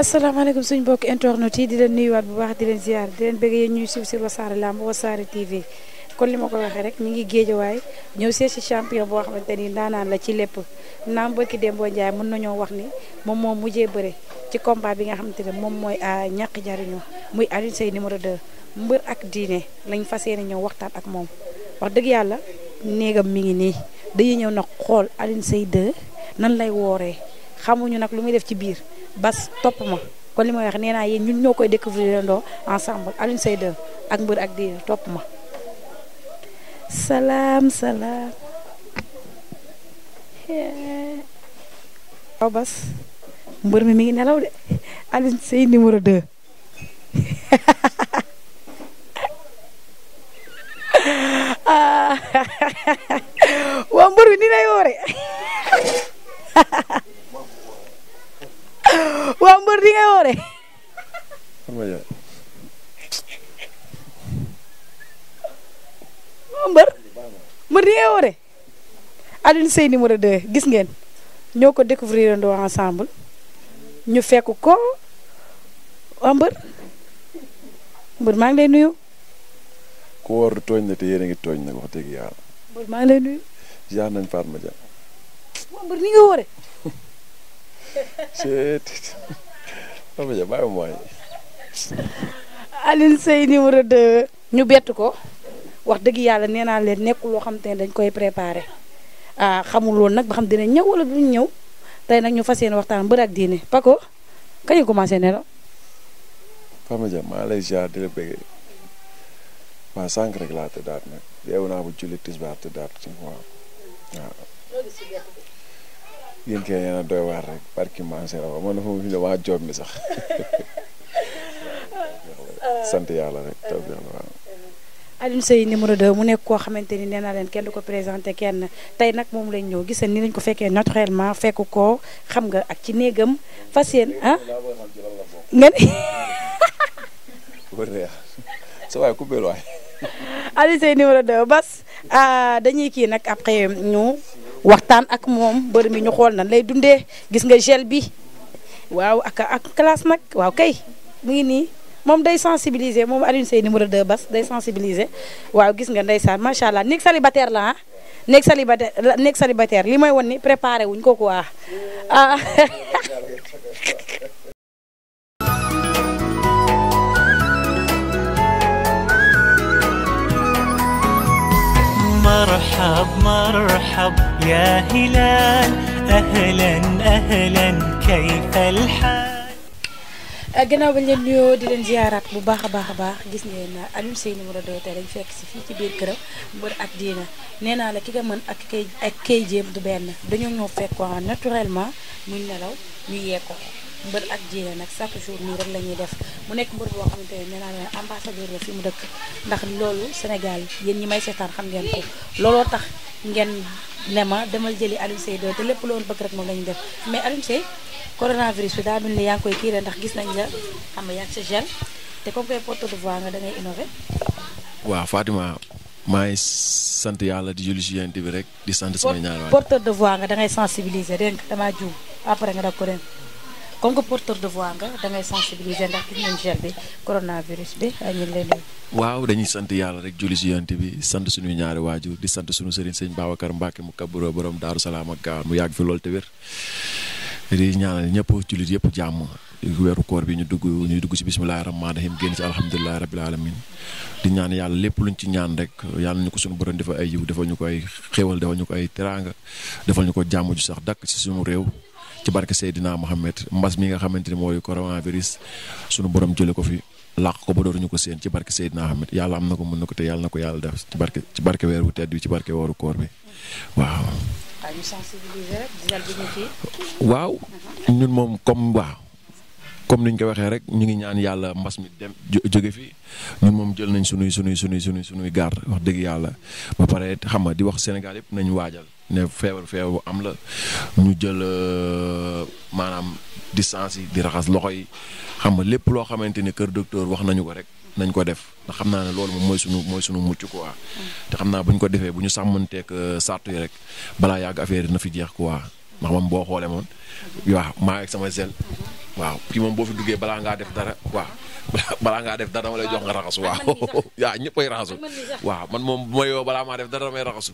asalaamaaleykum suñu mbokki internet yi di leen nuyuwaat bu baax di leen ziar di leen bëgg yéen ñuy suivre sur Wassare Lamb Wassare TV kon li ma ko waxee rek ñu ngi géejawaay ñëw seet si champion boo xamante ni ndaanaan la ci lépp naam barki Dembo Ndiaye mën nañoo wax ni moom moo mujjee bëre ci combat bi nga xamante ne moom mooy a ah, ñàkk jariñu muy Alioune Seye numéro 2 mbër ak diine lañ fas yéene ñëw waxtaan ak moom wax dëgg yàlla néegam mi ngi nii dañuy ñëw nag xool Alioune Seye nan lay wooree xamuñu nag lu muy def ci biir. bas topp ma kon li may wax nee naa ñun ñoo koy découvrir ndoo ensemble Alioune Seye ak mbër ak diir topp ma salaam salaam waaw bas mbër mi mi ngi nelaw de Alioune Seye numéro ah. waa mbër mi ni lay Traoré Alioune Seye numéro 2 gis ñoo ko découvrir andoo ensemble ñu fekk ko mbër mbër maa ngi lay nuyu. ku wóor tooñ na te yéen ngi tooñ nag wax dëgg yàlla. mbër maa ngi nuyu. jaar nañ Fatma Dia. waaw mbër ni nga wóore. Fatma Dia bàyyi ñu bett ko. wax dëgg yàlla nee naa leen nekkul loo xam te ne dañ koy préparé ah xamul woon nag ba xam dina ñëw wala duñ ñëw tey nag ñu fas yéene waxtaan mbër ak diine Paco kañ ñu commencé ne la. Fama la bëgg waaw sànq rek laa tëddaat nag yeewu ci waaw waaw. yéen a doy waar rek barki maa ngi ne sax Alioune Seye numéro 2 mu nekk koo xamante ni nee leen kenn du ko présenté kenn tey nag moom lañ ñëw gis ni lañ ko fekkee naturellement fekk ko xam nga ak ci néegam fas yéen ah. ngeen. sa waay ku bëri waay. Alioune Seye numéro 2 Bas ah, dañuy kii nag après ñu waxtaan ak moom mbër mi ñu xool nan lay dundee gis nga gel bi waaw ak ak classe nag waaw kay mu nii. moom day sensibiliser moom Alioune Seye numéro 2 day sensibiliser waaw gis nga ndeysaan macha allah nekk célibataire la ah nekk célibataire nekk célibataire li may won ni préparé wuñ ko quoi ah. مرحب مرحب يا هلال أهلا أهلا كيف الحال Euh, gannaaw bañ leen nuyoo di leen ziaraat bu baax a baax a baax gis ngeen euh, Alioune Seye numéro 2 tey dañ fekk si fii ci biir këram mbër ak diina nee naa la ki nga mën ak kay ak kay jéem du benn dañoo ñoo fekk ko naturellement muy nelaw ñu yee ko mbër ak diina nag chaque jour nii rek la ñuy def mu nekk mbër boo xamante ne nee naa leen la fi mu dëkk ndax loolu Sénégal yéen ñi may seetaan xam ngeen ko looloo tax ngeen ne ma demal jëli Aliou Seye doo te lépp loolu bëgg rek moom lañu def mais Aliou Seye coronavirus bi daa mel ni yaa ngi koy kiire ndax gis nañ la xam nga yaa ngi sa gel te comme que porte de voix nga da ngay innové. waaw Fatima maa ngi sant yàlla di julli si yéen bi rek di sant. sama ñaar waay porte de voix nga dangay ngay sensibiliser dégg nga damaa juum après nga def ko ren. comme que porteur de voix nga da ngay ndax gis nañ gel bi coronavirus bi waaw dañuy sant yàlla rek julli si bi sant suñu ñaari waajur di sant suñu sëriñ sëñ Babacar Mbacke mu kaburo borom Daaru Salaam ak mu yàgg fi lool te wér di ñaanal ñëpp jullit yëpp jàmm. weeru koor bi ñu dugg ñu dugg ci bisimilah rahmaani rahim génn ci alhamdulilah rabil alamin di ñaan yàlla lépp luñ ci ñaan rek yàlla ñu ko suñu borom defal ay yiw defal ñu ko ay xéwal defal ko ay teraanga defal ko jàmm ju sax dàkk ci suñu réew. ci barke Seydina Mohamed mbas mi nga xamante ni mooy coronavirus sunu borom jëlee ko fi làq ko ba dootuñu ko seen ci barke Seydina Mohamed yàlla am na ko mën na ko te yàlla ko yàlla def ci barke ci barke weer wu tedd bi ci barke weeru koor bi waaw. waaw ñu ñun moom comme waaw comme niñ ko waxee rek ñu ngi ñaan yàlla mbas mi dem jóge fi ñun moom jël nañ sunuy sunuy sunuy sunuy sunuy garde wax dëgg yàlla ba pare xam nga di wax Sénégal yëpp nañ waajal. ne feebar feew bu am la ñu jël euh, maanaam distance yi di raxas loxo yi xam nga lépp loo xamante ni kër docteur wax nañu ko rek nañ ko def ndax xam naa ne loolu moom mooy suñu mooy suñu mucc quoi. te xam naa bu ko defee bu ñu sàmmanteeg euh, sàrt yi rek balaa yàgg affaire yi na fi jeex quoi ndax man boo xoolee moom waaw maa ak sama sel waaw kii moom boo fi duggee balaa ngaa def dara waaw balaa ngaa def dara dama lay jox nga raxasu waaw yaa ñëpp ay raxasu waaw man moom bu ma yoo balaa maa def dara damay raxasu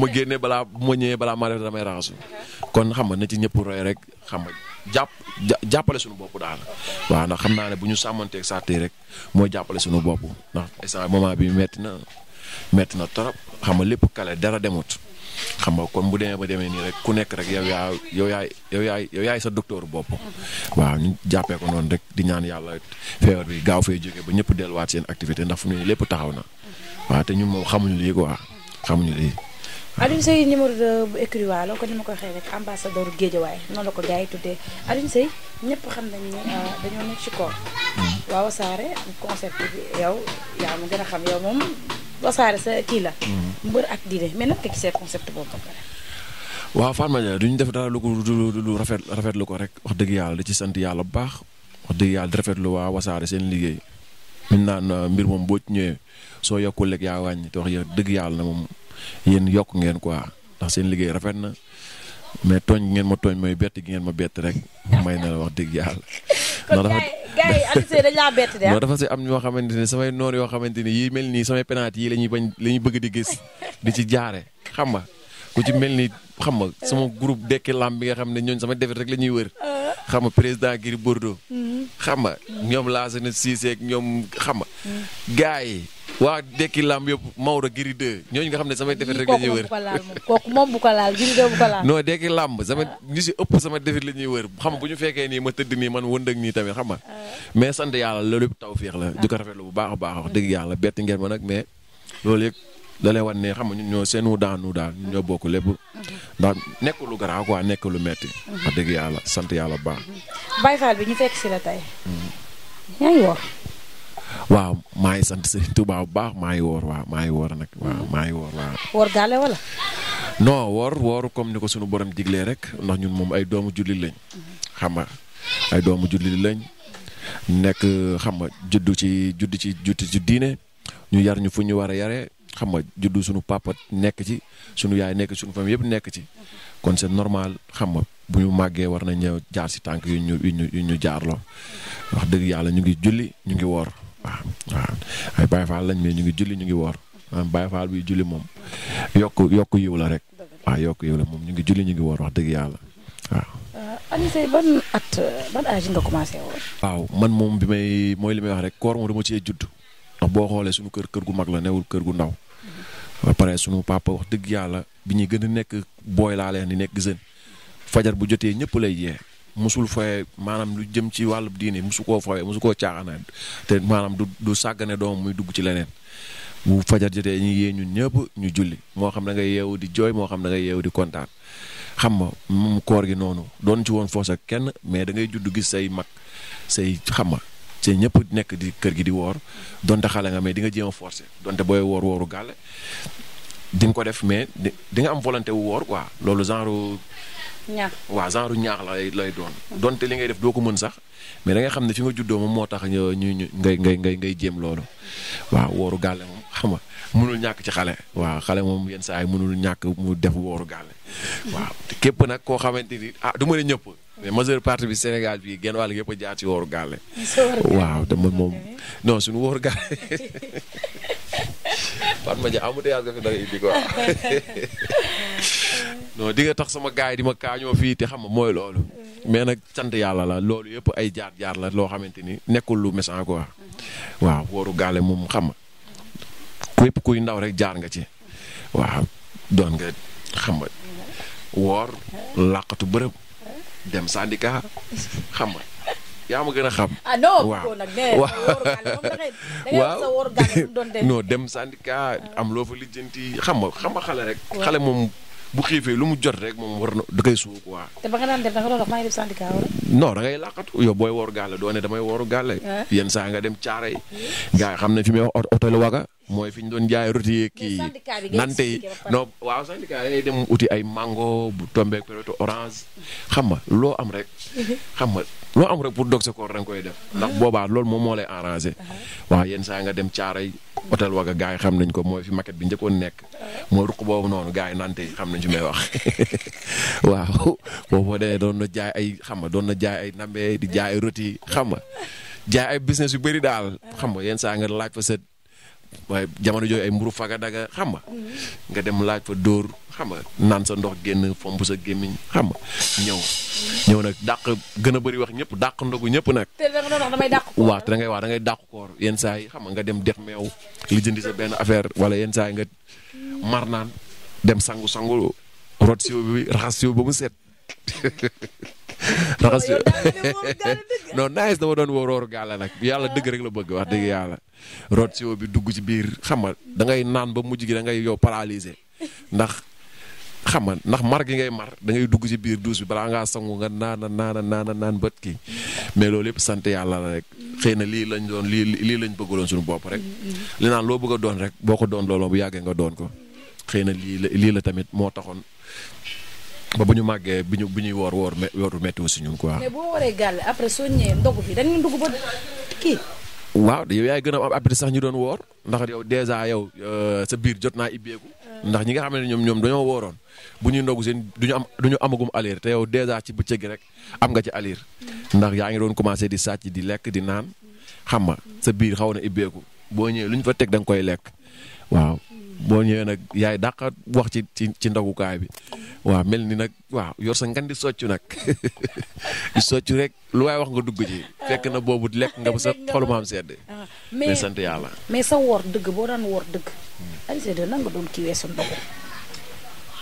ma génnee balaa bu ma ñëwee balaa maa def dara kon xam nga na ci ñëpp roy rek xam nga jàpp jàppale suñu bopp daal waaw ndax xam naa ne bu ñu sàmmanteeg sàrt rek mooy jàppale suñu bopp ndax instant moment bi metti na metti na trop xam nga lépp kale dara demut xam nga kon bu demee ba demee nii rek ku nekk rek yow yow yaay yow yaay yow yaay sa docteur bopp waaw ñu jàppee ko noonu rek di ñaan yàlla feebar bi gaaw fee jógee ba ñëpp delluwaat seen activité ndax fu mu lépp taxaw na waaw te ñun moom xamuñu lii quoi xamuñu lii. ni ma noonu la ko gars yi tuddee Alioune Seye ñëpp xam nañ ne euh, dañoo nekk ci koor mm-hmm. waaw Wassare concept bi yow yaa ma gën a xam yow moom. wasaare sa kii la. waaw Fatma Ndiaye du ñu def dara lu ko rafet rafetlu ko rek wax dëgg yàlla di ci sant yàlla bu baax wax dëgg yàlla di rafetlu waa wasaare seen liggéey. min naan euh, mbir moom boo ñëwee soo yokkul rek yaa wàññi te wax dëgg yàlla na moom yéen yokk ngeen quoi ndax seen liggéey rafet na mais tooñ ngeen ma tooñ mooy bett gi ngeen ma bett rek may na la wax dëgg yàlla. gars yi Aliou ah. dafa si am ñoo xamante ne samay noon yoo xamante ne yi mel nii samay penalty yi la ñuy bañ la ñuy bëgg di gis di ci jaare xam nga ku ci mel ni xam nga sama groupe dekki lam bi nga xam ne ñooñ sama defet rek la ñuy wër ah. xam nga président Gris Bordeaux. Mhm. xam nga ñoom Lassana Cissé ak ñoom xam nga. Mhm. gars yi waa dekki lamb yëpp Maodo Gris 2 ñooñu nga xam ne samay defet rek la ñuy wër. moom bu ko laal Gris sama ñu si ëpp sama defet la ñuy wër xam bu ñu fekkee nii ma tëdd nii man wëndëg nii tamit xam nga. Ah. mais sant yàlla loolu yëpp tawféex la. di ko la bu baax a baax wax dëgg yàlla bett ngeen ma nag mais loolu yëpp da lay wan ne xam nga ñun ñoo wu daanu daal ñun ñoo bokk lépp. ndax nekk lu garaaw quoi nekk lu metti wax dëgg yàlla sant yàlla baax. Baye Fall bi ñu fekk si la tey. yaa woor. waaw maa ngi sant Serigne Touba bu baax maa ngi woor waaw maa ngi woor nag waaw maa ngi woor waaw. woor gaale wala. non woor woor comme ni ko sunu borom diglee rek ndax ñun moom ay doomu jullit lañ. xam nga ay doomu jullit lañ. nekk xam nga juddu ci juddu ci juddu ci diine ñu yar ñu fu ñu war a yaree xam nga juddu suñu papa nekk ci suñu yaay nekk suñu famille yëpp nekk ci kon seen normal xam nga bu ñu màggee war nañ ñëw jaar si tànk yu ñu yu ñu yu ñu jaarloo wax dëgg yàlla ñu ngi julli ñu ngi woor waaw lañ mais ñu ngi julli ñu ngi woor ah, Baye bi julli moom yokk yokk yiw rek waaw yokk yiw la moom ñu ngi julli ñu ngi woor wax dëgg yàlla waaw. Euh, man moom bi may mooy li may wax rek koor moom dama cee judd ndax boo xoolee suñu kër kër gu mag la newul kër gu ndaw. waa pare sunu papa wax dëgg yàlla bi ñuy gën a nekk booy laa leen di nekk jeune fajar bu jotee ñëpp lay yee mosul foye maanaam lu jëm ci wàllu diine mosu koo foye musu koo caaxaanaan te maanaam du du sàggane doom muy dugg ci leneen bu fajar jotee ñu yee ñu ñëpp ñu julli moo xam da ngay yeewu di jooy moo xam da ngay yeewu di kontaan xam nga moom koor gi noonu doon ci woon foos ak kenn mais da ngay judd gis say mag say xam nga te ñëpp nekk di kër gi di woor donte xale nga mais di nga jéem a donte booy woor wooru gàlle di nga ko def mais di nga am volonté wu woor waa loolu genre. ñaax waaw genre ñaax lay lay doon. donte li ngay def doo ko mën sax mais da nga xam ne fi nga juddoo moom moo tax ñu ñu ngay ngay ngay ngay jéem loolu waaw wooru gàlle moom xam nga mënul ñàkk ci xale. waaw xale moom yenn saa ay mënul ñàkk mu def wooru gàlle waaw képp nag koo xamante ni ah du ma ne ñëpp. mais majeure partie bi Sénégal bi genn wàll yëpp a jaar ci wooru gàlle waaw te moom non suñu wooru gàlle Fatma Dia embouteillage nga fi dara indi quoi non di nga tax sama gars yi di ma kaañoo fii te xam nga mooy loolu mais nag sant yàlla la loolu yëpp ay jaar jaar la loo xamante ni nekkul lu méchant quoi waaw wooru gàlle moom xam nga képp kuy ndaw rek jaar nga ci waaw doon nga xam woor làqatu bërëb dem syndicat xam nga yaa ma gën a xam. ah dem syndicat am loo fa lijjanti xam nga xam xale rek. xale moom. bu xiifee lu mu jot rek moom war na da koy suuf quoi. te da ngay làqatu booy wooru gaale doo ne damay gaale. Ah. yenn saa nga dem caare yi. xam ne fi muy wax hôtel mooy fi ñu doon jaay roti yeeg kii yi nante yi non waaw syndicat ay mango bu tombé période orange xam nga loo am rek. xam nga loo am rek pour dog sa koor da koy def. ndax boobaa loolu moom moo lay arrangé. Uh-huh. waaw yenn saa nga dem caare yi hôtel Waga gars yi xam nañ ko mooy fi maquette bi njëkkoon nekk ah. mooy ruq boobu noonu gaa yi nante xam nañ fi may wax waaw boobu dee doon na jaay ay xam nga doon na jaay ay nambe di jaay ay roti xam nga jaay ay business yu bëri daal xam nga yenn saa nga laaj fa sa waaye jamono jooju ay mburu faga daga xam nga mm-hmm. nga dem laaj fa dóor xam nga naan sa ndox génn fomp sa gémmiñ xam nga ñëw. ñëw nag daq gën a bëri wax ñépp dàq ndogu ñëpp nag. te wax ah. te da ngay dàq koor yenn saa yi xam nga dem dex meew li jëndi sa benn affaire wala yenn saay nga mar naan dem sangu sangu rot siw bi raxas siw ba mu set. raxas non nice dama doon woo rooru gaale nag yàlla dëgg rek la bëgg wax dëgg yàlla root siwo bi dugg ci biir xam nga da ngay naan ba mujj gi da ngay yow paralysé ndax xam nga ndax mar gi ngay mar da ngay dugg ci biir douche bi balaa ngaa sangu nga naan naan naan naan bët ki mais loolu yëpp sant yàlla la rek xëy na lii lañ doon lii lii lañ bëggaloon suñu bopp rek. li naan loo bëgg doon rek boo ko doon looloo bu yàggee nga doon ko xëy na lii la lii la tamit moo taxoon. ba bu ñu màggee bi ñu ñuy woor woor wooru métti si ñun quoi. mais boo waree gàll après yaay gën a am appétit sax ñu doon woor ndax yow dèjà yow euh, sa biir jot naa ibbeeku. Ah. ndax ñi nga xam ne ñoom ñoom dañoo wooroon bu ñu ndogu seen du ñu am du ñu amagum alir te yow dèjà ci bëccëg rek am nga ci alir ndax yaa ngi doon commencé di sàcc di lekk di naan xam nga sa biir xaw na ibbeeku boo ñëwee lu ñu fa teg da koy lekk waaw. boo ñëwee nag yaay dàq wax ci ci ci ndogukaay bi waaw mel ni nag waaw yor sa ngan di soccu nag di soccu rek lu waay wax nga dugg ci fekk na boobu lekk nga ba sa xolu maam sedd. Ah. mais sant yàlla. mais sa woor dëgg boo daan woor dëgg. Hmm.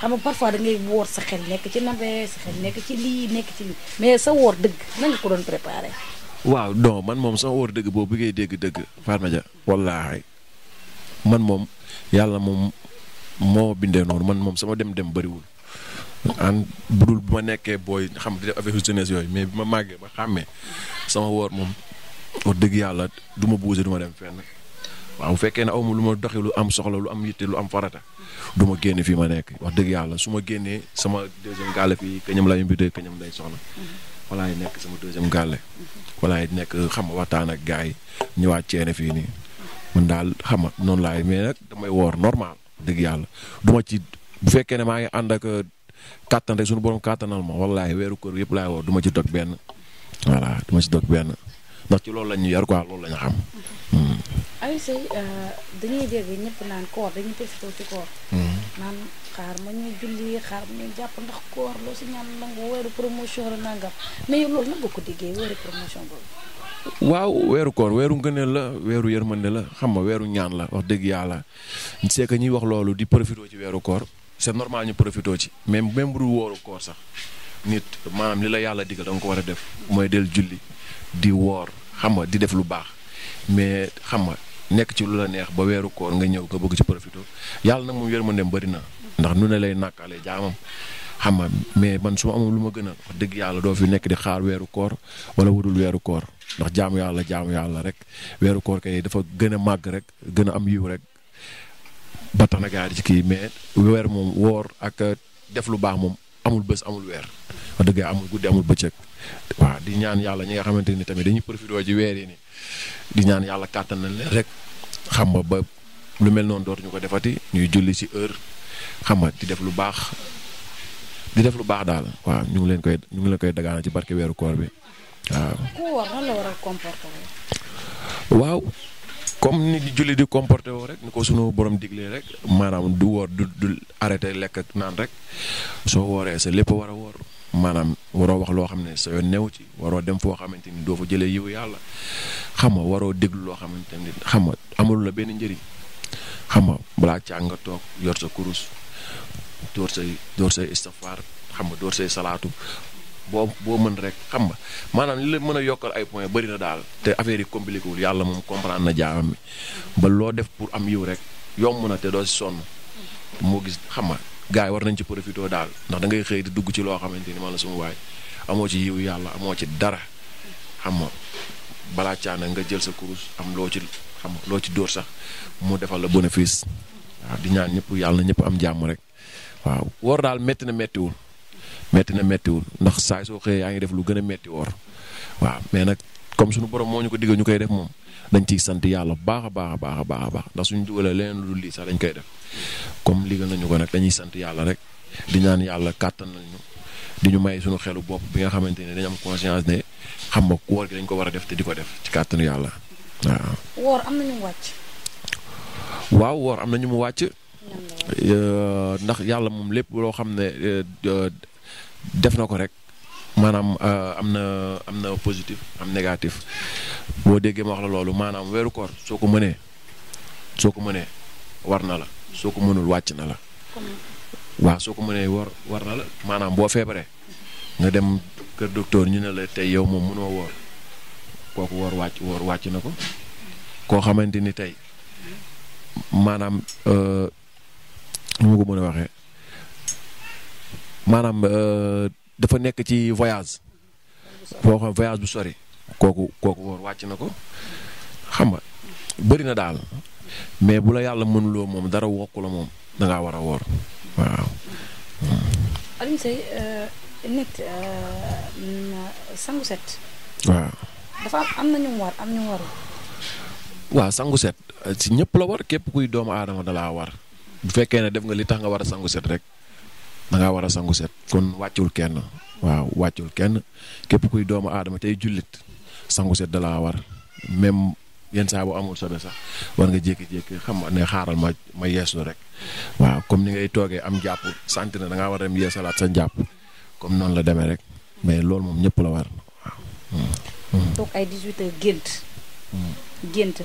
xam nga parfois da ngay woor sa xel nekk ci navet sa xel nekk ci lii nekk ci lii mais sa woor dëgg na ko doon préparé. waaw non man moom sama woor dëgg boobu bi dégg dëgg Fatma Dia wallaahi man moom yàlla moom moo bindee noonu man moom sama dem-dem bariwul an budul bu ma nekkee booy xam di def affaire jeunesse yooyu mais bi ma màggee ba xàmmee sama woor moom wax dëgg yàlla du ma buuse du dem fenn. waaw bu fekkee ne aw ma lu ma doxi lu am soxla lu am yitte lu am farata du ma génne fii ma nekk wax dëgg yàlla su ma génnee sama deuxième gàlle fii kañam lay invité kañam lay soxla mhm. walaay nekk sama deuxième gàlle mhm. walaay nekk xam ma waxtaan ak gars yi ñëwaat ceene fii nii man daal xama noonu laay mais nag damay woor normal dëgg yàlla du ma ci bu fekkee ne maa ngi ànd ak kàttan rek suñu borom kàttanal ma walaay weeru kër yëpp laay woor du ma ci dog benn voilà du ma ci dog benn ndax ci loolu la ñu yar quoi loolu la ñu Aliou Seye euh, dañuy dégg ñëpp naan koor dañuy profité ci koor. Hmm. naan xaar ma ñuy julli xaar ma ñuy jàpp ndax koor loo si ñaan weeru promotion la weeru promotion boobu. la xam nga weeru ñaan la wax dëgg yàlla c'est que ñuy wax loolu di profité ci weeru koor c'est normal ñu profité ci même même bu dul sax nit maanaam li la yàlla digal da ko war a def mooy dellu julli di woor xam nga di def lu baax mais xam nga. nekk ci lu la neex ba weeru koor nga ñëw nga bëgg ci profité yàlla nag moom ne bëri na ndax nu ne lay nàkkaale jaamam xam nga mais man su ma amoon lu ma gën a dëgg yàlla doo fi nekk di xaar weeru koor wala wudul weeru koor ndax jaamu yàlla jaamu yàlla rek weeru koor dafa gën a màgg rek gën a am yiw rek ba tax na gaa yi ci kii mais weer moom woor ak def lu baax moom amul bés amul weer wax dëgg amul guddi amul bëccëg waaw di ñaan yàlla ñi nga xamante ni tamit dañuy profité ci weer yi ni di ñaan yàlla kàttan nañ leen rek xam nga ba lu mel noonu dootuñu ko defati ñuy julli ci heure xam nga di def lu baax di def lu baax daal waaw ñu ngi leen koy ñu ngi leen koy dagaana ci barke weeru koor bi waaw. ku woor lan comme ni julli di comporté woo rek ni ko sunu borom diglee rek maanaam du woor du du arrêté lekk ak naan rek soo wooree sa lépp war a woor. maanaam waroo wax loo xam ne sa yoon new ci waroo dem foo xamante ni doo fa jëlee yiw yàlla xam nga waroo déglu loo xamante ni xam nga amul la benn njëriñ xam nga balaa càng nga toog yor sa kurus door say door say istifaar xam nga door say salaatu boo boo mën rek xam nga maanaam li la mën a yokkal ay point bëri na daal te affaire yi compliqué yàlla moom comprendre na jaamam ba loo def pour am yiw rek yomb na te doo si sonn moo gis xama gars yi war nañ ci profité daal ndax dangay ngay xëy di dugg ci loo xamante ni man la suma waay amoo ci yiw yàlla amoo ci dara xam nga balaa caana nga jël sa kurus am loo ci xam nga loo ci dóor sax mu defal la bénéfice waaw di ñaan ñëpp yàlla na ñëpp am jàmm rek waaw woor daal métti na méttiwul métti na méttiwul ndax saay soo xëyee yaa ngi def lu gën a métti woor waaw mais nag comme suñu borom moo ñu ko digg ñu koy def moom dañ ciy sant yàlla baax a baax baax a baax a baax ndax suñu dugalee leneen lu dul lii sax dañ koy def comme liggéey nañu ko nag dañuy sant yàlla rek di ñaan yàlla kàttan nañu di ñu may suñu xelu bopp bi nga xamante ne dañ am conscience ne xam nga koor gi dañ ko war a def te di ko def ci kàttanu yàlla waaw. am na waaw woor am na ñu mu wàcc. ndax yàlla moom lépp loo xam ne euh, euh, def na ko rek. maanaam euh, am na am na positif am négatif boo déggee ma wax la loolu maanaam weeru koor soo ko mënee soo ko mënee war na la soo ko mënul wàcc na la. waaw soo ko mënee war war na la maanaam boo feebaree nga dem kër docteur ñu ne la tey yow moom mënoo woor kooku woor wàcc woor wàcc na ko koo xamante ni tey maanaam euh, nu ma ko mën a waxee maanaam. Euh, dafa nekk ci voyage boo xam voyage bu sori kooku kooku woor wàcc na ko xam nga bëri na daal mais bu la yàlla mënuloo moom dara wokku la moom dangaa ngaa war a woor waaw. Hmm. Euh, euh, sangu set. waaw dafa set si ñëpp la war képp kuy doomu aadama da laa war bu fekkee ne def nga li tax nga war a sangu set rek. da ngaa war a sangu set kon wàccul kenn waaw wàccul kenn képp kuy doomu aadama tey jullit sangu set da laa war même yenn saa bu amul sobe sax war nga jékki-jékki xam ne xaaral ma ma yeesu rek waaw comme ni ngay toogee am jàpp sant na danga war a dem yeesalaat sa jàpp comme noonu la demee rek mais loolu moom ñëpp la war waaw. Mm. toog ay 18 heures gént. gént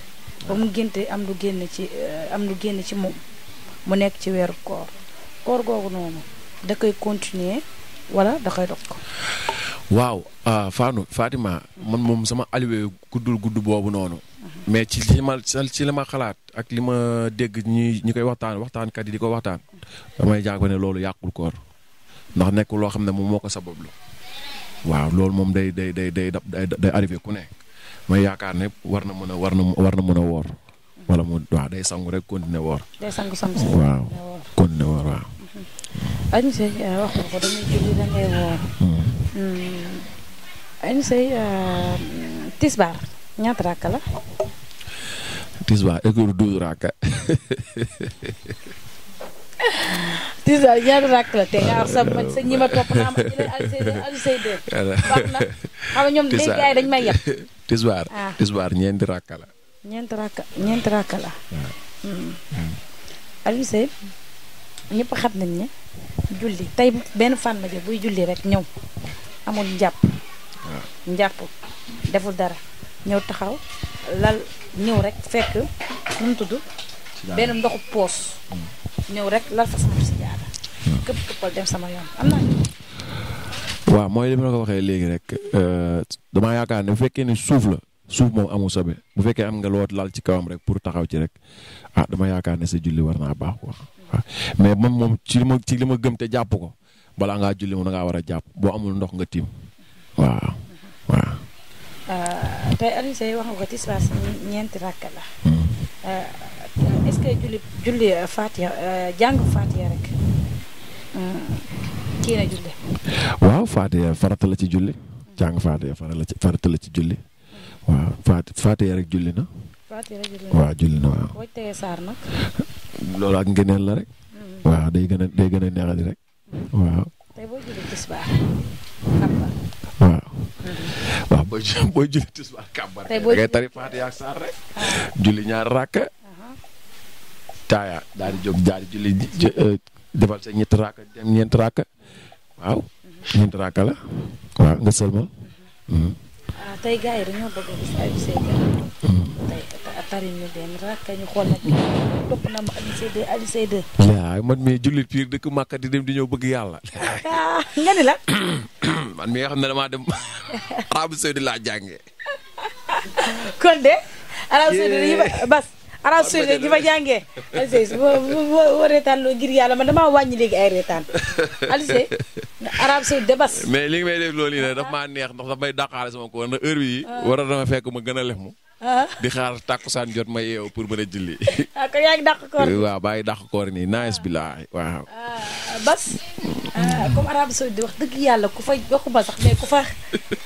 ba mu gént am lu ci euh, am lu génn ci moom mu nekk ci weeru koor koor googu noonu. da koy continuer wala da koy dokk waaw ah, Fanu Fatima man moom sama alluwa guddul gudd boobu noonu. mais ci li ma ci li ma xalaat ak li ma dégg ñi ñi koy waxtaan waxtaankat yi di ko waxtaan. damay jàpp ne loolu yàqul koor ndax nekk loo xam ne moom moo ko sabablu. waaw loolu moom day day day day day arrivé ku ne may yaakaar ne war na mën a war na war na mën a woor. wala mu waaw day sangu rek continuer woor. day sangu waaw continuer woor waaw. Mhm. Alioune Seye euh, wax nga ko damay julli damay woor. Hmm. Alioune Seye euh, Tisbar ñaata la. Tisbar école douze topp naa ma de. wax na xam ah. la. ñeenti raaka ñeenti raaka la. ñëpp xam nañ ne julli tey benn fan ma jël buy julli rek ñëw amul njàpp ah. njàpp deful dara ñëw taxaw lal ñëw rek fekk nu tudd benn ndoxu poos hmm. ñëw rek lal fa sama si jaada hmm. këpp këppal dem sama yoon am naa waaw mooy li ma ko waxee léegi rek euh, damaa yaakaar ne bu fekkee ne suuf la suuf moom amul sobe bu fekkee am nga loo lal ci kawam rek pour taxaw ci rek ah dama yaakaar ne sa julli war naa baax quoi mais man moom ci li ma ci li ma gëm te jàpp ko balaa ngaa julli moom da ngaa war a jàpp boo amul ndox nga tiim waaw waaw. Euh, tey la. farata la ci julli. jàng Fatiha farata ci farata la ci julli. waaw Fatiha rek julli na. rek julli na waaw julli na waaw. loolu ak ngëneel la rek. waaw day gën a day gën a neexal rek waaw. tey boo julli tisbaar kàbbar. waaw. Mm-hmm. waaw boo boo julli tisbaar kàbbar. tey boo ngay tari ak saar rek. julli ñaar rakk. Uh-huh. taaya daal jóg daal di julli euh, defal sa ñetti rakk dem ñeenti rakk waaw. Mm-hmm. ñeenti rakk la waaw nga sëlmal. Mm-hmm. ah tey gars bëgg a gis Alioune Seye hmm. tey tari ñu benn rakk ñu xool nag. topp man mii jullit piir dëkk Màkka di dem di ñëw bëgg yàlla. Ah, nga ni la. man mii xam ne damaa dem Arabie Saoudite laa jànge kon de. Arabie Saoudite yi bas. Arab Saoudite di fa jàngee Alise boo reetaan loo ngir yàlla man damaa wàññi léegi ay reetaan Alise Arab Saoudite de bas. mais li nga may def loolu yi ne daf maa neex ndax daf may dàqaale sama ko war a dama fekk ma gën a lef mu. Ah. di xaar ma pour mën a julli. Ah, ngi dàq koor waaw baa ngi nii nice bi ah, bas. comme Arab Saoudite wax dëgg yàlla ku fa waxuma sax mais ku fa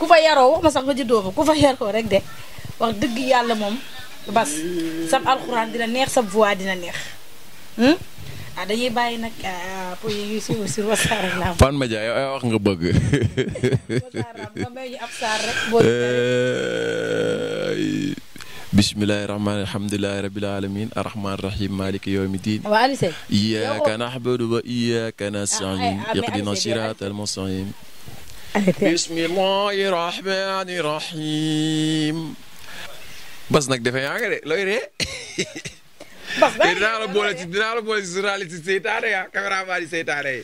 ku fa yaroo wax sax ma juddoo fa ku fa yaroo rek de wax dëgg yàlla moom. bas sab alxuraan dina neex sab voix dina neex hmm? ah dañuy bàyyi nag ah, ah, pour yi suivre sur Wassare Lamb. Fane Media yow ay wax nga bëgg. Eh, bismillahi rahmaani alhamdulilahi rabil alamin arrahman rahim maliki yawmi din iyyaka na'budu wa iyyaka nasta'in ah, eh, ihdina siratal mustaqim bismillahi rahmani rahim bas nag defe naa nga de looy ree. bas dinaa la boole ci dinaa la boole ci journaliste seytaane ya caméraman yi seytaane yi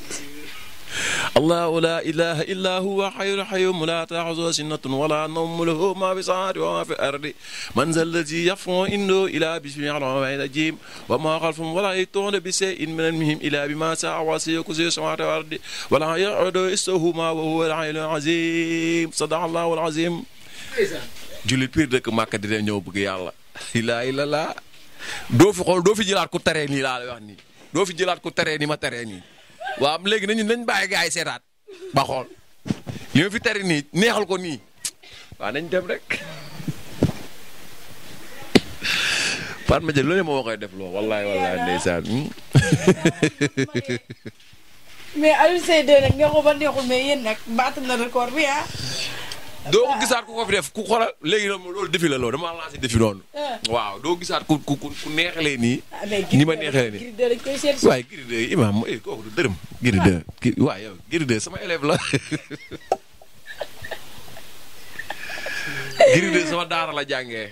allahu laa ilaha illa huwa xayyul xayyum laa taaxuso sinnatun wala nawm lahu ma fi samaati wa ma fi ardi man za lazi yafon indo ilaa bismi rahmaani rajim wa ma xalfum wala yitoona bi see in minal mihim ilaa bi ma saa wasiya ku si samaati wa ardi wala yaodo istahuma wa huwa al-aliyyul azim sadaqa allahu al-azim jullit piir dëkk Màkka di dee ñëw bëgg yàlla ilaa ila laa doo fi xool doo fi jëlaat ku teree nii laa lay wax nii doo fi jëlaat ku teree nii ma teree nii waaw léegi nañu nañ bàyyi gars yi seetaat ba xool li ma fi tari nii neexal ko nii waaw nañ dem rek. Fatou Madiaye loolu moo koy def loo wallaay wallaay ndeysaan. mais Alioune Seye de nag neexul ba neexul mais yéen nag baat na record bi ah. doo gisaat ku ko def ku xoolal léegi loolu defi la loolu dama lancé defi noonu. Ah. waaw doo gisaat ku ku ku neexalee nii. Ah, ni ma neexalee nii waaye Gris 2 Imaam eh, kooku du dërëm. Gris 2 ah. waaw sama élève la. Gris 2 daara la jàngee.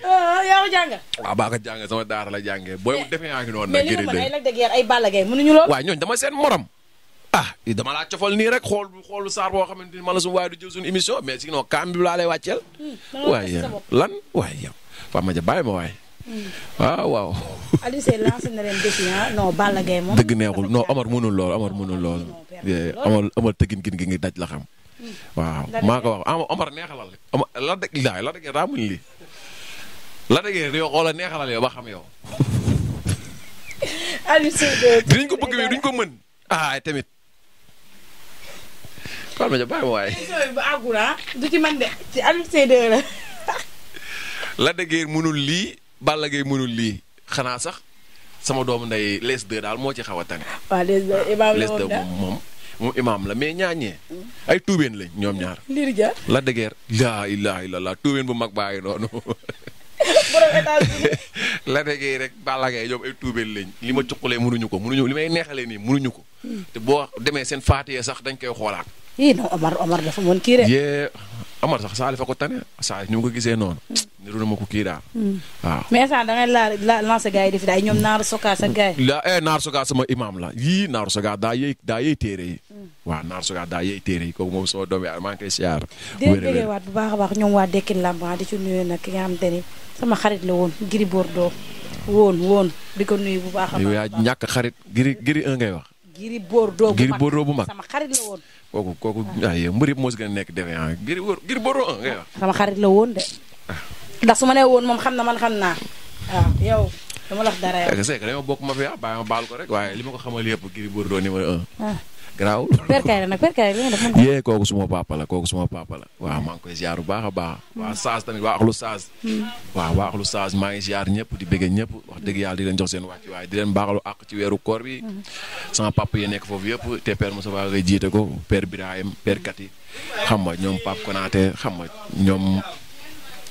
yow jàng. waaw baa daara la jàngee booy eh, defee yaa ngi noonu. nag Gris 2 mais li dama seen morom. ah dama laa cofal nii rek xool saar boo xamante ni man la suñu waaye du jël suñu émission mais sinon kaam bi laa lay wàcceel. Hmm, waaye lan waaye yow Fap Madia bàyyi ma waaye. waaw hmm. ah, waaw. Aliou Seye lancé na leen défi ah, non Balla ngi daj la xam. Hmm. waaw maa ko wax la dëgg la la dëgg neexalal yow ba xam yow. Aliou Seye ko bëgg mais duñ ko mën ah tamit. xool ma ca bàyyi ma waaye. bu àggul ah, du ci man la. Lac de mënul lii Balla mënul lii xanaa sax sama doomu ndey les deux daal moo ci xaw a tane. waaw les ah, la moom moom moom imaam la mais ñaañee. ay tuubeen lañ ñoom ñaar. liir ja Lac de Guiers. laa tuubeen bu mag bàyyi noonu. la étage bi. Lac de Guiers rek ñoom ay tuubeen lañ li ma cuqulee mënuñu ko mënuñu li may neexalee nii munuñu ko. te boo demee seen faatiyee sax dañ koy xoolaat. ii non Omar Omar dafa mën kii rek. yee Omar sax Salif a ko tane Salif ni mu ko gisee noonu. niru na ma ko kii daal. Hmm. waaw mais ça da ngay la lancer gars yi def daay ñoom Naar Soka sa gars yi. la eh Naar Soka la yii Naar Soka daa daa yëy téere yi. Hmm. waaw Naar Soka daa yëy téere yi kooku moom sama doom yi maa ngi koy siyaar. wér wér waat bu baax a baax ñoom waa Dekkin Lamb ah, di ci nuyu nag ki nga xamante ni sama xarit la woon Gris Bordeaux woon woon di ko nuyu baax a baax. yow yaa ngay wax Gris Bordeaux bu mag bu mag sama xarit la woon. kooku kooku ay mbir yëpp moo si gën a nekk defe ah Gris Gris Bordeaux ah, ngay wax. sama xarit la woon de. ndax su ma nee woon moom xam na man xam naa waaw ah, yow dama la wax dara yow. Eh, c'est que dama bokk ma fi ah bàyyi ma baal ko rek waaye li ma ko xamal yëpp Gris Bordeaux numéro un. Ah. garaaw. Père Kairé nag Père Kairé li nga yee kooku suma papala la kooku suma papa la waaw maa ngi koy ziar bu baax a baax. Hmm. waa Saas tamit waa Axlu Saas. Hmm. waaw waa Axlu Saas maa ngi ziar ñëpp di bëggee ñëpp wax dëgg yàlla di leen jox seen wàccuwaay di leen baaxalu àq ci weeru koor bi. Hmm. sama papa yi nekk foofu yëpp te Père Moussa Faye jiite ko Père Birahim Père Kati xam nga ñoom Pape xam nga ñoom.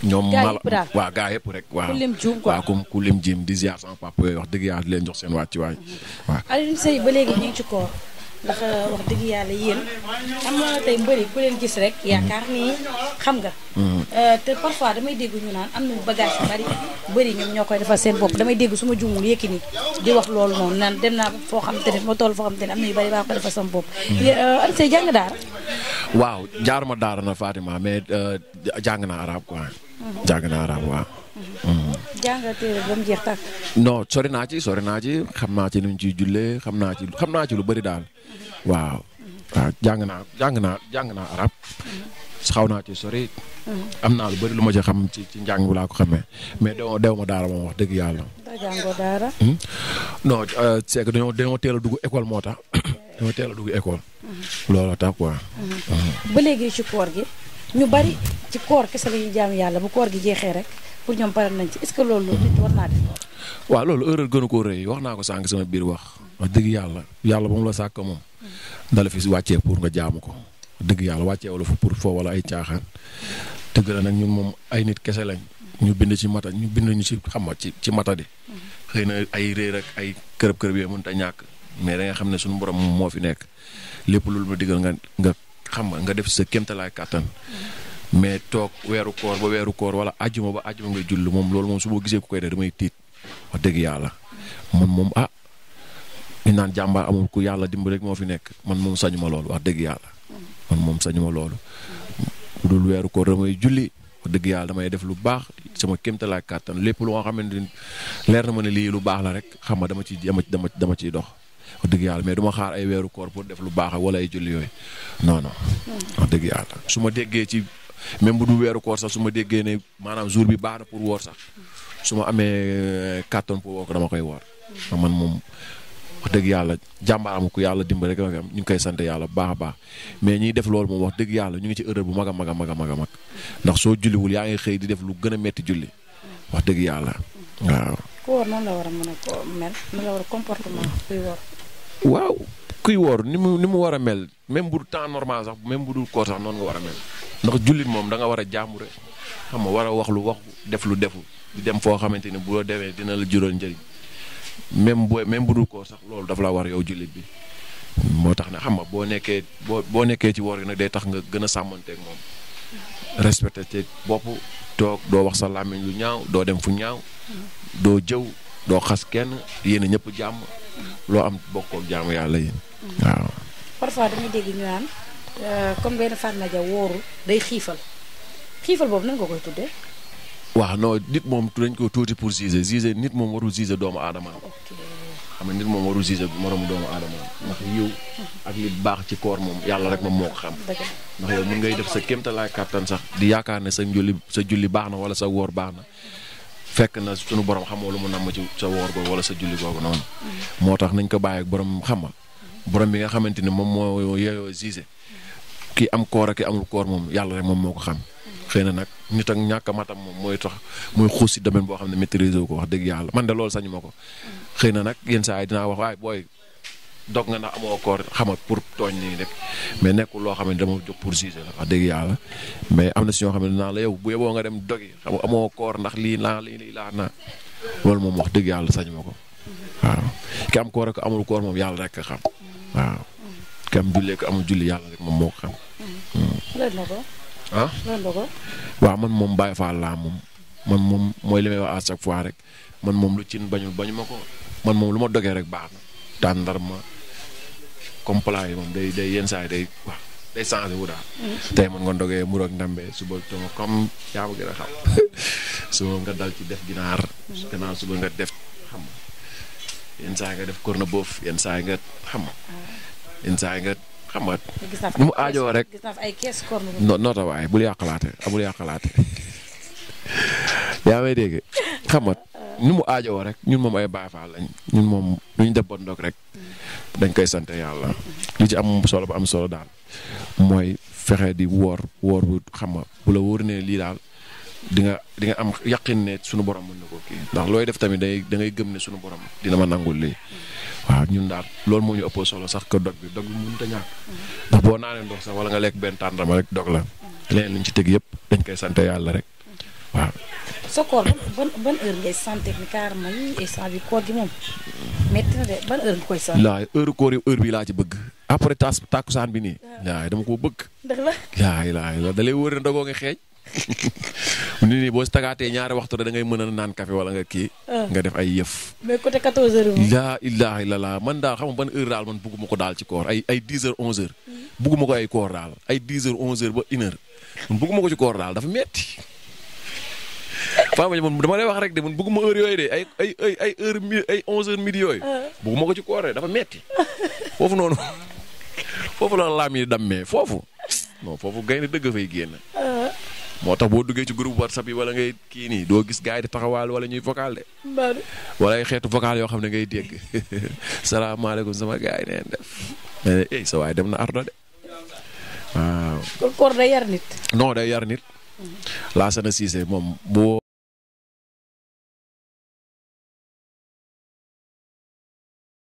ñoom mala waaw yëpp rek waaw waaw comme ku lim jim di ziar sama papa yooyu wax dëgg yàlla leen jox seen wàccuwaay waaw Alioune ba léegi ñu ci koor ndax euh, wax dëgg yàlla yéen am na tey mbëri ku leen gis rek yaakaar ni xam nga mm. euh, te parfois damay dégg ñu naan am na bagage bari bëri ñoom ñoo koy defal seen bopp damay dégg su ma yékki Yékini di wax loolu noonu naan dem naa foo xam te ne ma toll foo xam te ne am na yu bari baa ko defal sama bopp am mm. euh, say jàng daara waaw jaaruma daara na Fatima mais jàng naa mm-hmm. jàng naa arab waaw jàngal téere ba mu jeex tàkk. non sori naa ci sori naa ci xam naa ci nu mu ciy xam naa ci xam naa ci lu bëri daal waaw. jàng naa jàng naa jàng naa arab xaw naa ci sori. am naa lu bëri lu ma ci xam ci ci njàng laa ko xamee mais dew dew ma daara moom wax dëgg yàlla. doo jàngoo daara. Hmm? non euh, dugg école moo tax dañoo dugg école. Hmm. ba léegi ci koor gi ñu bari ci koor kese la jaam yàlla bu koor gi jeexee rek pour ñoom pare nañ ci loolu nit war naa waaw loolu erreur gënu koo rëy wax naa ko sànq sama biir wax wax dëgg yàlla yàlla ba mu la sàkk moom hmm. dala fi wàccee pour nga jaamu ko dëgg yàlla wàccee wala fu pour foo wala ay caaxaan tëgg la nag ñun moom ay nit kese lañ ñu bind ci mata ñu bind ñu ci xam ci ci mata di hmm. xëy na ay réer ak ay kërëb kërëb yooyu mënut a ñàkk mais da nga xam ne suñu borom moo fi nekk lépp loolu ma digal nga nga xam nga def sa kéemtalaay kàttan hmm. mais toog weeru koor ba weeru koor wala àjjuma ba àjjuma ngay julli moom loolu moom su ma gisee ku koy def damay tiit wax dëgg yàlla man moom ah naan jàmbaar amul ku yàlla dimbali rek moo fi nekk man moom sañu ma loolu wax dëgg yàlla man moom sañu ma loolu. dul weeru koor damay julli dëgg yàlla damay def lu baax sama kéemtalaay kàttan lépp lu xamante ni leer na ma ne lii lu baax la rek xam nga dama ciy dama dama dama ciy dox. dëgg yàlla mais du xaar ay weeru koor pour def lu baax wala ay julli yooyu non non. wax dëgg yàlla su ma déggee ci même bu du weeru koor sax su ma déggee ne maanaam jour bi baax na pour woor sax su ma amee eh, kàttan pour woor ko dama koy woor. man moom dëgg yàlla jàmbaaramu ko yàlla dimbali rek ñu ngi koy yàlla bu baax a baax mais ñiy def loolu wax dëgg yàlla ñu ngi ci erreur bu mag a mag a mag a mag ndax soo julliwul yaa xëy di def lu gën a metti julli wax dëgg yàlla waaw. woor ni mu ni mu war a mel même bu temps normal sax même bu dul koor sax noonu nga war a mel. ndax jullit moom danga war a jàmbure xam nga war a wax lu wax def lu defu di dem foo xamante ni bu demee dina la jural njëriñ même boo même bu dul ko sax loolu daf la war yow jullit bi moo tax ne xam nga boo nekkee boo boo nekkee ci woor yi nag day tax nga gën a sàmmanteeg moom respecté ci bopp toog doo wax sa làmmiñ lu ñaaw doo dem fu ñaaw doo jëw doo xas kenn yéen a ñëpp jàmm loo am bokkoog jàmm yàlla yéen Euh, comme benn Fatma Dia wóoru day xiifal xiifal boobu nan nga koy tuddee. waaw non nit moom dañ ko tuuti pour gisé gisé nit moom warul gisé doomu aadama. xam nga nit moom warul gisé moromu doomu aadama ndax yiw ak li baax ci koor moom yàlla rek moom moo ko xam. ndax mun ngay def sa kéemtalaay kàttan sax di yaakaar ne sa julli sa julli baax na wala sa woor baax na. fekk na sunu borom xamoo lu mu namm ci sa woor googu wala sa julli googu noonu. Mm-hmm. moo tax nañ ko bàyyi ak borom xam nga borom bi nga xamante ni moom moo ki am koor ak ki amul koor moom yàlla rek moom moo ko xam. xëy na nag nit ak ñàkk matam moom mooy tax muy xuus si domaine boo xam ne maîtriser ko wax dëgg yàlla man de ma ko. xëy na nag yenn saa yi dinaa wax waaye booy dog nga ndax amoo koor xama pour tooñ nii rek mais nekkul loo xam ne dama jóg pour juger la wax dëgg yàlla mais am na si ñoo xam ne dinaa la yow bu yeboo nga dem dogi xam amoo koor ndax lii laa lii laa naa loolu moom wax dëgg yàlla sañu ma ko waaw ki am koor ak amul koor moom yàlla rek xam waaw. kam jullee ko amul julli yàlla rek moom moo ko xam. lan ah? waaw man moom Baye Fall laa moom man moom mooy li may wax à chaque fois rek man moom lu cin bañul bañu ma ko man moom lu ma dogee rek baax na tàndar ma comme plat yi moom day day yenn saa day waaw day changé wu daal. Mm. tey mën nga dogee mur ak ndambe suba toma comme yaa ma gën xam suba nga dal ci def ginaar. gannaaw suba nga def xam yenn saa yi nga def corne yenn saa nga xam. Ah. insaay nga xam nga. nu mu aajoo rek gis naa fi ay kees corne. non noota waay bul yàqalaate amul yàqalaate yaa may dégg xam nga nu mu aajoo rek ñun moom ay Baay Faal lañ ñun moom lu ñu def ba ndoog rek dañ koy sant yàlla li ci am solo ba am solo daal mooy fexe di woor woor bu xam nga bu la wóor ne lii daal. di nga di am yaqin ne sunu borom mën na koo kii ndax looy def tamit dangay gëm ne sunu borom dina ma nangul lii waaw ñun daal loolu moo ñu ëppoo solo sax ko dog bi dog bi mënut a ñàkk ndax boo naanee ndox sax wala nga lekk benn tàndarma rek dog la leneen liñ ci teg yëpp dañ koy sant yàlla rek sa koor ban bi laay heure koor yi heure bi laa ci bëgg. après tas saan bi nii. waaw ah. dama koo bëgg. dëgg la. laay laay la da lay wóor ne dogoo nga xeeñ. nit boo si tagaatee ñaari waxtu da ngay mën a naan café wala nga kii. Ah. nga def ay yëf. mais côté 14 laa ilaaha illallah man daal xam nga ban heure daal man bugguma ko daal ci koor ay ay 10 heures 11 hmm. ko ay koor daal ay 10 heures 11 heures ba 1 heure man bugguma ko ci koor daal dafa metti Fane Faye lay wax rek de man bëgguma ay ay ay ay heure mi ay ah. ko ci koor dafa metti foofu noonu foofu la laam yi dammee foofu non foofu gaynde dëgg fay génn. Ah. moo tax boo duggee ci groupe whatsapp yi wala ngay kii nii doo gis gars yi di taxawaal wala ñuy vocal de. wala ay xeetu vocal yoo xam ne ngay dégg salaamaaleykum sama gars neen def. ma ne eh sa waay dem na ardo de waaw. kon day yar nit. non day yar nit. Mm-hmm. Laasana Cissé moom bu